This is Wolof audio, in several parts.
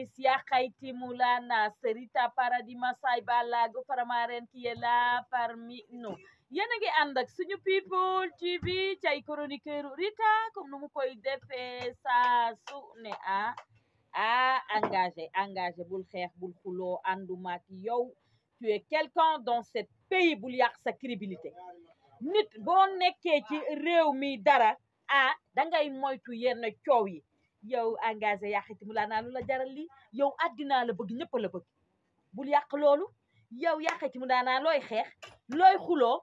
isia kaitimulana serita paradima sayba lago faramaren qui est là parmi nous yéen ngi ànd ak suñu people tv ci ay chroniqueur Rita comme nu mu koy defee saa su ne a ah, a ah, engagé engagé bul xeex bul xuloo ànduma ak yow tu es quelqu'un dans ce pays bul yàq sa crédibilité nit boo nekkee ci réew mi dara ah dangay moytu yenn coow yi yow engagé yaa xiti mu laa naa la jaral lii yow àddinaa la bëgg ñëpp la bëgg bul yàq loolu yow yaa xiti mu laa looy xeex looy xuloo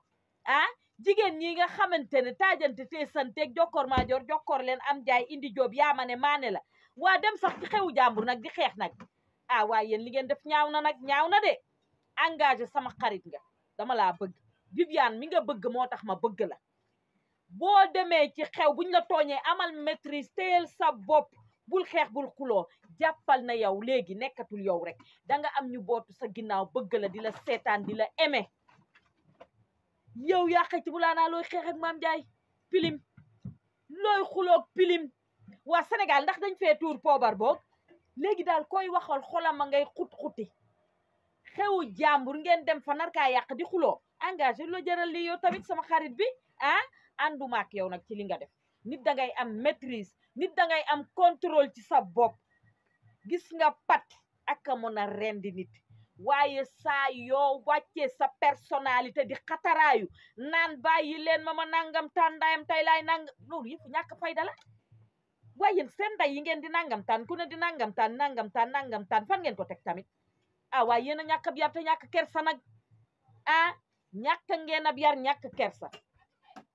ah jigéen ñi nga xamante ne taajante te santeeg jokkoor maa joor jokkoor leen am jaay indi joob yaa ma ne maane la waa dem sax ci xewu jàmbur nag di xeex nag ah waaye yéen li ngeen def ñaaw na nag ñaaw na de engagé sama xarit nga dama laa bëgg Viviane mi nga bëgg moo tax ma bëgg la boo demee ci xew buñ la tooñee amal maîtrise téyel sa bopp bul xeex bul xuloo jàppal na yow léegi nekkatul yow rek da nga am ñu bootu sa ginnaaw bëgg la di la seetaan di la aimé yow yaa ci bu laanaa looy xeex maam Ndiaye pilim looy xuloog pilim waa Sénégal ndax dañ fee tuur poobar boog léegi daal koy waxal xolam ma ngay xut-xuti xew jàmbur ngeen dem fa narkaa yàq di xuloo engagé loo jëral li yow tamit sama xarit bi ah ànduma ak nag ci li nga def nit dangay am maîtrise nit da ngay am contrôle ci sa bopp gis nga pat ak a mën a rendi nit waaye saa yoo wàccee sa personnalité di xataraayu naan bàyyi leen ma ma nangam tàndaayam tey laay nang loolu yëpp ñàkk fayda la waaye yéen seen ndey yi ngeen di nangam taan ku ne di nangam taan nangam taan nangam taan fan ngeen ko teg tamit ah waaye yéen a ñàkk ab yar kersa nag ah ñàkk ngeen ab yar ñàkk kersa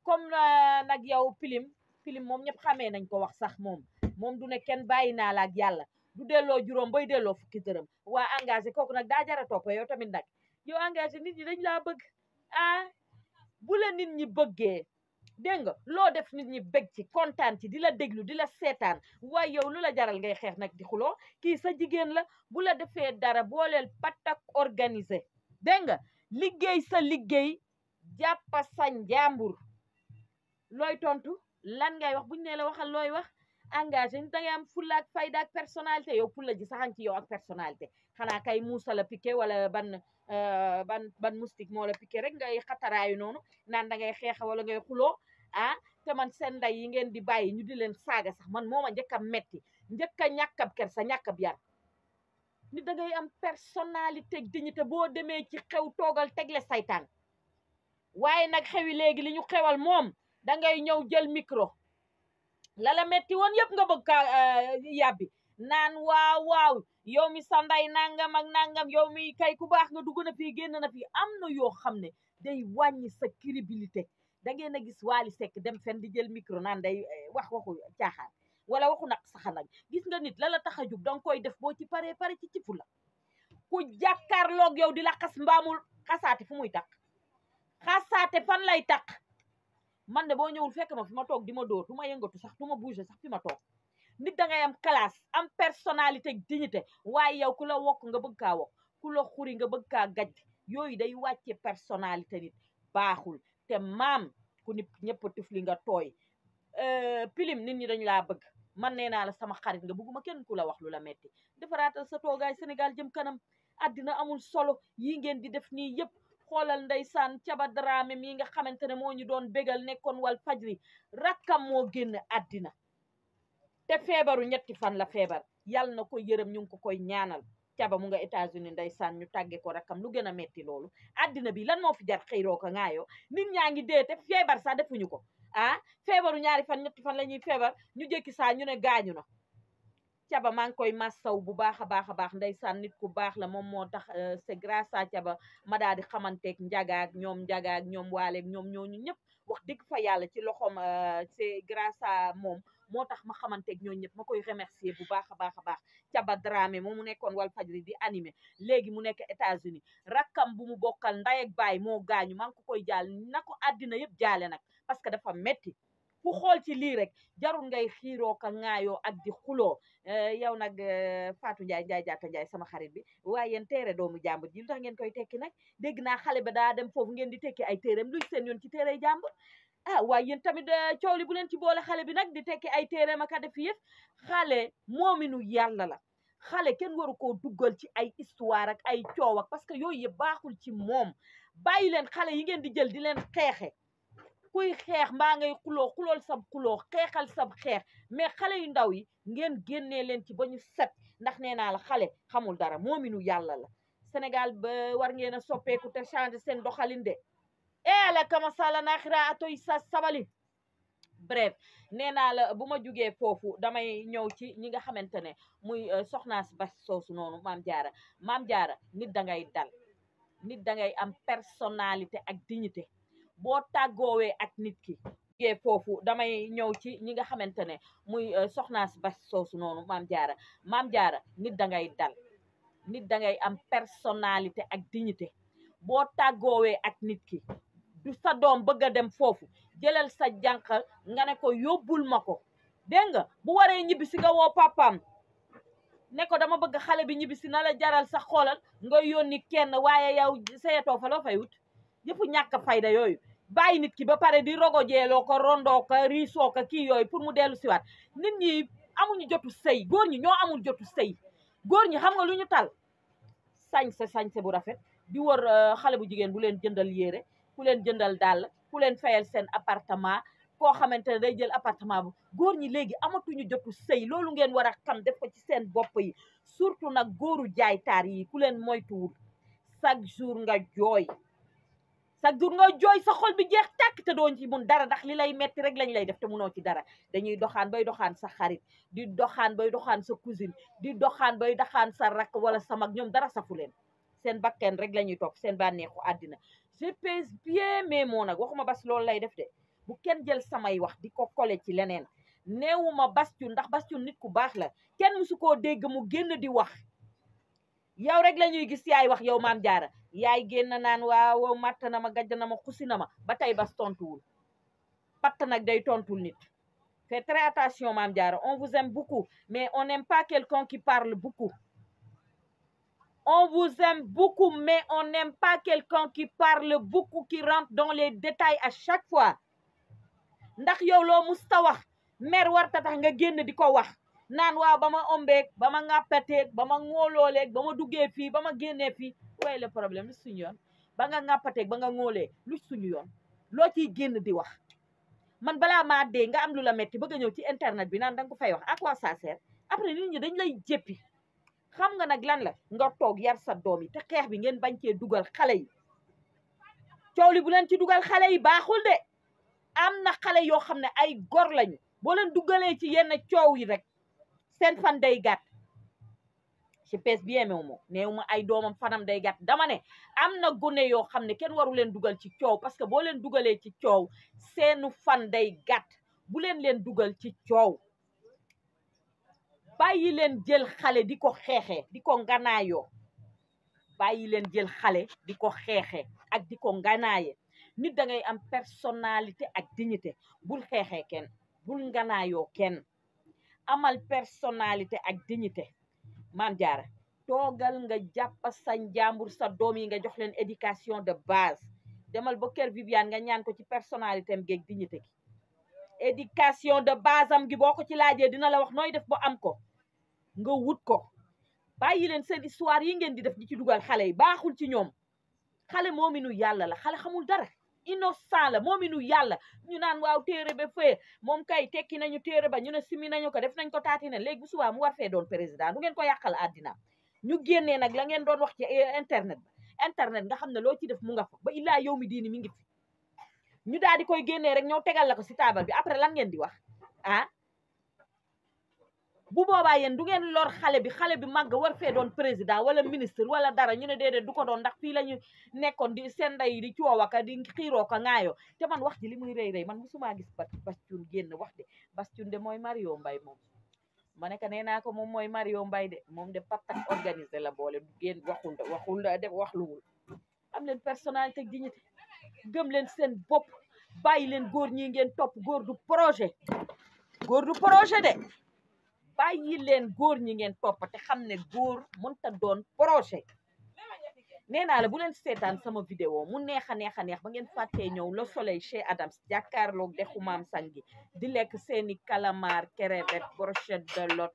comme euh, nag yow pilim pilim moom ñëpp xamee nañ ko wax sax moom moom du ne kenn bàyyi naa la ak yàlla du delloo juróom bay delloo fukki dërëm waa engagé kooku nag daa jara topp yow tamit nag yo engagé nit ñi dañ laa bëgg ah bu la nit ñi bëggee dégg nga loo def nit ñi bëgg ci kontaan ci di la déglu di la seetaan waaye yow lu la jaral ngay xeex nag di xuloo kii sa jigéen la bu la defee dara booleel patak organisé dégg nga liggéey sa liggéey jàppa sa njàmbur looy tontu lan ngay wax buñ ne la waxal looy wax engagé ñu da ngay am fulla ak fayda ak yow fulla ji saxan ci yow ak personnalité xanaa kay muusa la piqué wala ban euh, ban ban moustique moo la rek ngay xataraayu noonu naan da ngay xeexa wala ngay xuloo ah te man seen ndey yi ngeen di bàyyi ñu di leen saaga sax man mooma njëkk a metti njëkk a ñàkkab kersa ñàkkab yar ni da ngay am personnalité dignité boo demee ci xew toogal tegle saytaan waaye nag xewi léegi li ñu xewal moom da ngay ñëw jël micro lala metti woon yëpp nga bëgg ka eh, yàbbi naan waaw waaw yow mi sa nday nangam ak nangam yow mi kay ku baax nga dugg na fii génn na fii am na yoo xam ne day wàññi sa crédibilité da ngeen a gis Wally sekk dem fenn di jël micro naan day eh, wax waxu caaxaan wala waxu naq sax gis nga nit la la tax a jug danga koy def boo ci paree pare ci cifu la ku jàkkaarloog yow di la xas mbaamul xasaate fu muy takk xasaate fan lay takk man de boo ñëwul fekk ma fi ma toog di ma dóor du ma yëngatu sax du ma bouger sax fi nit da ngay am classe am personalité dignité waaye yow ku la wokk nga bëgg kaa wokk ku la xuri nga bëgg kaa gaj yooyu day wàcce personnalité nit baaxul te maam ku nit ñëpp tufli nga tooy euh, pilim nit ñi dañ laa bëgg man nee naa la sama xarit nga bëgguma kenn ku la wax lu la metti defaraatal sa toogaay Sénégal jëm kanam àddina amul solo yi ngeen di def nii yëpp xoolal ndeysaan caba daraame mii nga xamante ne moo ñu doon bégal nekkoon wal fajri rakkam moo génn àddina te feebaru ñetti fan la feebar yàlla na ko yërëm ñu ngi ko koy ñaanal caba mu nga États-Unis ndeysaan ñu tàgge ko rakkam lu gën a metti loolu àddina bi lan moo fi jar xiiroo ko ŋaayoo nit ñaa ngi dee te feebar sax defuñu ko ah feebaru ñaari fan ñetti fan la ñuy feebar ñu jékki saa ñu ne gaañu na caba maa ngi koy saw bu baax a baax a baax ndeysaan nit ku baax la moom moo tax euh, c'est grâce à caba ma daal di xamanteeg njagaag ñoom njagaag ñoom waaleeg ñoom ñooñu ñëpp wax digg fa yàlla ci loxoom euh, c'est grâce à moom moo tax ma xamanteeg ñooñ ñëpp ma koy remercier bu baax a baax a baax caba dramé moom mu nekkoon wal fajri di animé léegi mu nekk États-Unis rakam bu mu bokkal ndey ak baay moo gaañu maa ko koy jaal na ko àddina yëpp jaale nag parce que dafa metti ku xool ci lii rek jarul ngay xiiroo ka ŋaayoo ak di xuloo eh, yow nag eh, Fatou Ndiaye jaay Diatta jaay sama xarit bi waaye yéen téere doomu jàmbur ji lu tax ngeen koy tekki nag dégg naa xale ba daa foofu ngeen di tekki ay téereem luy seen yoon ci téere jàmbur ah waaye yéen tamit eh, coow li bu leen ci boole xale bi nag di tekki ay téereem ak a def yëf xale moominu yàlla la xale kenn waru ko duggal ci ay histoire ak ay coow parce que yooyu yëpp baaxul ci moom bàyyi leen xale yi ngeen di jël di leen xeexe kuy xeex mbaa ngay xuloo xulool sab xuloo xeexal sab xeex mais xale yu ndaw yi ngeen génnee leen ci ba ñu set ndax nee naa la xale xamul dara moominu yàlla la Sénégal ba war ngeen a soppeeku te changer seen doxalin de eela eh, kamasala naaxira atoy sa sabali bref nee naa la bu ma jugee foofu damay ñëw ci ñi nga xamante ne muy euh, soxnaas bas soosu noonu maam jaara maam jaara nit dangay ngay dal nit da ngay am personnalité ak dignité boo tàggoowee ak nit ki foofu damay ñëw ci ñi nga xamante ne muy euh, soxnaas bas soosu noonu maam jaara maam jaara nit da ngay dal nit da ngay am personnalité ak dignité boo tàggoowee ak nit ki sa doom bëgg a dem foofu jëlal sa jànq nga ne ko yóbbul ma ko dégg nga bu waree ñibbi si nga woo papaam ne ko dama bëgg xale bi ñibbi si na la jaral sax xoolal nga yónni kenn waaye yow seetoo fa loo fay wut yëppu ñàkk fayda yooyu bàyyi nit ki ba pare di rogojeeloo ko rondoo ko riisoo ko kii yooyu pour mu dellu siwaat nit ñi amuñu jotu sëy góor ñi ñoo amul jotu sëy góor ñi xam nga lu ñu tal sañse sañse bu rafet di war euh, xale bu jigéen bu leen jëndal yére ku leen jëndal dàll ku leen fayal seen appartement koo xamante ne day jël appartement bu góor ñi léegi amatuñu jotu sëy loolu ngeen war a xam def ko ci seen bopp yi surtout nag góoru jaay taar yi ku leen moytuwul chaque jour nga jooy chaque jour nga jooy sa xol bi jeex tàkk te doon ci mun dara ndax li lay metti rek lañ lay def te munoo ci dara dañuy doxaan bay doxaan sa xarit di doxaan bay doxaan sa cousine di doxaan bay doxaan sa rakk wala sa mag ñoom dara safu leen seen bakken rek la ñuy topp seen bànneexu àddina je pèse bien mais moo nag waxuma bas loolu lay def de bu kenn jël samay wax di ko kole ci leneen neewuma bas cun ndax bas cun nit ku baax la kenn musu koo dégg mu génn di wax yow rek la ñuy gis yaay wax yow maam jaara yaay génn naan waaw màtt na ma gajj na ma xusi na ma ba tey bas tontuwul patt nag day tontul nit faites très attention maam jaara on vous aime beaucoup mais on n'aime pas quelqu'un qui parle beaucoup qui rentre dans les détails à chaque fois ndax yow loo musta wax mer warta tax nga génn di ko wax naan waaw ba ma ombeeg ba ma ŋàppateeg ba ma ŋóolooleeg ba ma duggee fii ba ma génnee fii waaye le problème lu suñu yoon ba nga ŋàppateeg ba nga ŋóolee lu suñu yoon loo ciy génn di wax man balaa maa dee nga am lu la metti bëgg a ñëw ci internet bi naan danga ko fay wax à quoi ça sert après nit ñi dañ lay jéppi xam nga nag lan la nga toog yar sa doom yi te xeex bi ngeen bañ cee dugal xale yi coow li leen ci dugal xale yi baaxul de am na xale yoo xam ne ay gor lañu boo leen dugalee ci yenn coow yi rek seen fan day gàtt ci pes bien mes mots néew ma ay doomam fanam day gàtt dama ne am na gone yoo xam ne kenn waru leen dugal ci coow parce que boo leen dugalee ci coow seenu fan day gàtt bu leen leen dugal ci coow bàyyi leen jël xale di ko xeexee di ko nganaayoo bàyyi leen jël xale di ko xeexee ak di ko nganaaye nit dangay am personnalité ak dignité bul xeexee kenn bul nganaayoo kenn amal personnalité ak dignité maam jaara toogal nga jàpp sa njàmbur sa doom yi nga jox leen éducation de base demal ba kër Viviane nga ñaan ko ci personnalité am geeg dignité gi éducation de base am gi boo ko ci laajee dina la wax nooy def ba am ko nga wut ko bàyyi leen seen histoire yi ngeen di def di ci dugal xale yi baaxul ci ñoom xale moominu yàlla la xale xamul dara moom la moominu yàlla ñu naan waaw téere ba fee moom kay tekki nañu téere ba ñu ne simi nañu ko def nañ ko taati na léegi bu subaa mu war fee doon président du ngeen ko yàqal àddina ñu génnee nag la ngeen doon wax ci eh, internet ba internet nga xam ne loo ci def mu nga fa ba illaa yow mi diini mi ngi fi ñu daal di koy génnee rek ñoo tegal la ko si taabal bi après lan ngeen di wax ah? bu boobaa yéen du ngeen lor xale bi xale bi màgg war fee doon président wala ministre wala dara ñu ne déedéet du ko doon ndax fii la ñu nekkoon di seen ndey di coowa ka di xiiroo ka ŋaayoo te man wax ji li muy rëy rëy man musumaa gis ba bas cun génn wax de bas cun de mooy Mario Mbaye moom ma ne ko nee naa ko moom Mario mbay de moom de patak organisé la boole du génn waxul waxul def wax luwul am leen personnalité dignité gëm leen seen bopp bàyyi leen góor ñi ngeen topp góor du projet góor du projet de bàyyi leen góor ñi ngeen topp te xam ne góor mënta doon projet nee naa la bu leen seetaan sama vidéo mu neex a neex a neex ba ngeen fàttee ñëw Le Soleil chez Adams jàkkaarloog dexu maam sangi di lekk seeni calamar crevette brochette de lot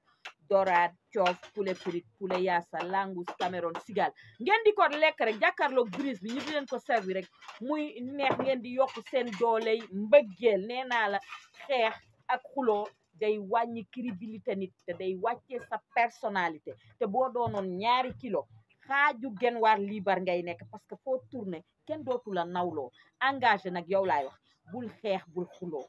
dorade coof poulet frit poulet yaasa langous cameroun sigal ngeen di ko lekk rek jàkkaarloog brise bi ñu leen ko servi rek muy neex ngeen di yokk seen dooley mbëggeel nee naa la xeex ak xuloo day wàññi crédibilité nit te day wàccee sa personnalité te boo doonoon ñaari kilo xaaju genwaar liibar ngay nekk parce que foo tourné kenn dootu la nawloo engagé nag yow laay wax bul xeex bul xuloo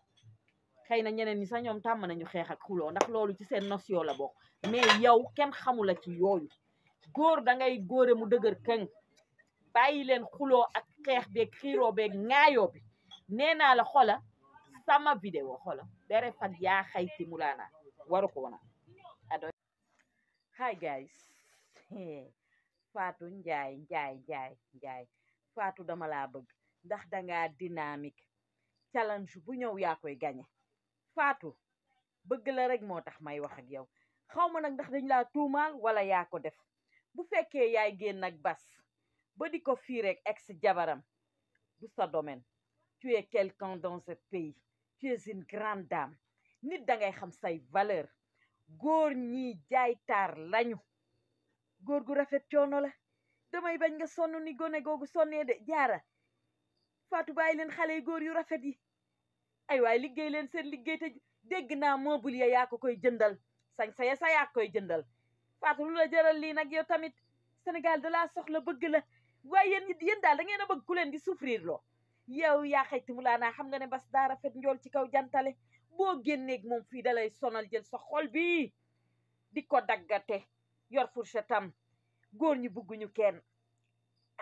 xëy na ñeneen ñi sax ñoom tàmm nañu xeex ak xuloo ndax loolu ci seen notion la bokk mais yow kenn xamula ci yooyu góor da ngay góore mu dëgër këng bàyyi leen xuloo ak xeex beeg xiiroo beeg ŋaayoo bi nee naa la xola sama vidéo xola dere fag ya hayti mulana waru ko wona aɗo hi Fatou Njaay Njaay Njaay Njaay Fatou dama la bëgg ndax danga dynamique challenge bu ñëw yaa koy gañe Fatou bëgg la rek moo tax may wax ak yow xaw ma nag ndax dañ laa tuumaal wala yaa ko def bu fekkee yay génn ak bas ba di ko fii rek ex jabaram du sa domaine tu es quelqu'un dans ce pays tu es une grande dame nit da ngay xam say valeur góor ñi jaay lañu góor gu rafet coono la damay bañ nga sonn ni gone googu sonnee de jaara faatu bàyyi leen xale yu góor yu rafet yi ay waay liggéey leen seen liggéey te dégg naa mobile ya yaa koy jëndal sañ say ya sa yaa koy jëndal Fatou lu la jëral lii nag yow tamit Sénégal da laa soxla bëgg la waaye yéen yéen daal da ngeen a bëgg ku leen di souffrir loo yow yaa xayti mu laanaa xam nga ne bas daa rafet njool ci kaw jantale boo génneeg moom fii dalay sonal jël sa xool bi di ko daggate yor fourchette am góor ñi bugguñu kenn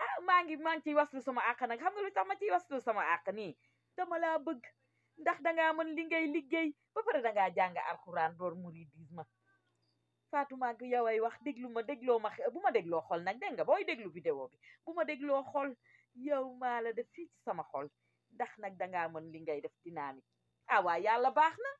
ah maa ngi maa ngi ciy waslu sama àq nag xam nga lu tax ma ciy waslu sama àq dama laa bëgg ndax dangaa mën li ngay liggéey ba pare dangaa jàng alxuraan door muridisme Fatou Mag yow ay wax déglu ma dégloo ma bu ma dégloo xol nag dégg nga booy déglu vidéo bi bu ma dégloo xol yow maa la def fii ci sama xol ndax nag dangaa mën li ngay def dynamique ah waa yàlla baax na